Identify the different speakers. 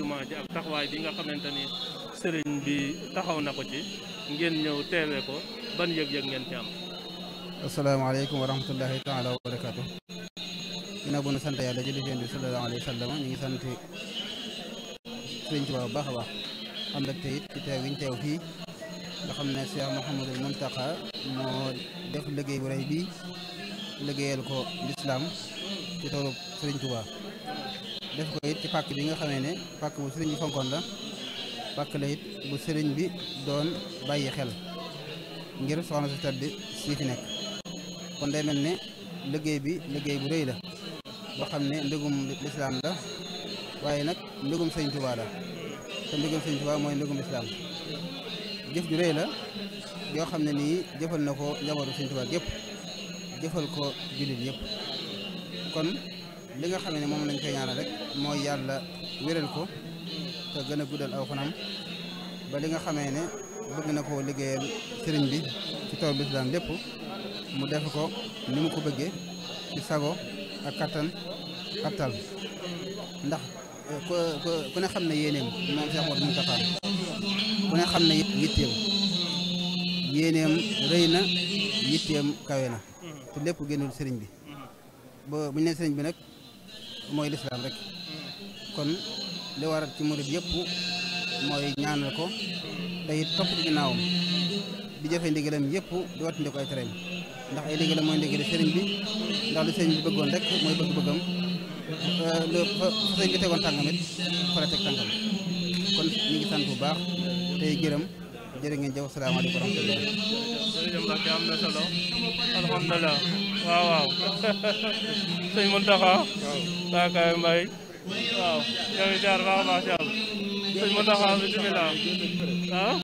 Speaker 1: jumaa ji ak taxawaay bi nga xamante ni sëriñ bi taxaw na ko ci ngeen ñëw teewe ko ban yëg-yëg ngeen ci am asalaamaaleykum wa rahmatullahi taala wa barakaatu ginnaaw bu nu sant yàlla julli seen bi sallallahu alayhi wa sallam ñu ngi sant sëriñ Tuubaa bu baax a baax am rek te it teew gi nga xam ne Cheikh Mouhamadul Mountakha moo def liggéey bu rëy bi liggéeyal ko lislaam ci toolu sëriñ Tuubaa def ko it ci pàkk bi nga xamee ne pàkk bu sëriñ bi fonkoon la pàkk la it bu sëriñ bi doon bàyyi xel ngir soxna su tedd si nekk kon day mel ne liggéey bi liggéey bu rëy la boo xam ne ndëgum lislaam la waaye nag ndëgum sëñ Tuubaa la te ndëgum sëñ Tuubaa mooy ndëgum lislaam jëf ju rëy la yoo xam ne nii jëfal na ko njabootu sëñ Tuubaa yëpp jëfal ko jullit yëpp kon li nga xam ne moom lañ koy ñaanal rek mooy yàlla wéral ko te gën a guddal aw fanam ba li nga xamee ne bëgg na koo liggéeyal sëriñ bi ci tool bi lislaam lépp mu def ko ni mu ko bëggee ci sago ak kattan ak tal ndax eh, ku ne xam ne yéeneem moom Cheikh Modou Moustapha ku ne xam ne yitteem yéeneem rëy na yitteem kawe na te lépp génnul sëriñ bi ba bu ñu nee sëriñ bi nag mooy lislaam rek kon li warat ci murid yëpp mooy ñaanal ko day topp ci ginnaawam di jëfe ndigalam yëpp di wattandi ko ay tereem ndax ay ndigalam mooy ndigali sëriñ bi ndax lu sëriñ bi bëggoon rek mooy bëgg-bëggam euh, lu fa sëriñ bi tegoon tànkam it fa la teg tànkam kon ñu ngi sant bu baax tey gërëm jërë ngeen jëf salaamaaleykum rahmatulah. jërëjëf Mbacke am na solo alhamdulilah waaw waaw sëñ Mountakha. waaw Mbacke Mbaye. waaw ñoo ngi jaar baax a baax ci yàlla sëñ Mountakha bisimilah ah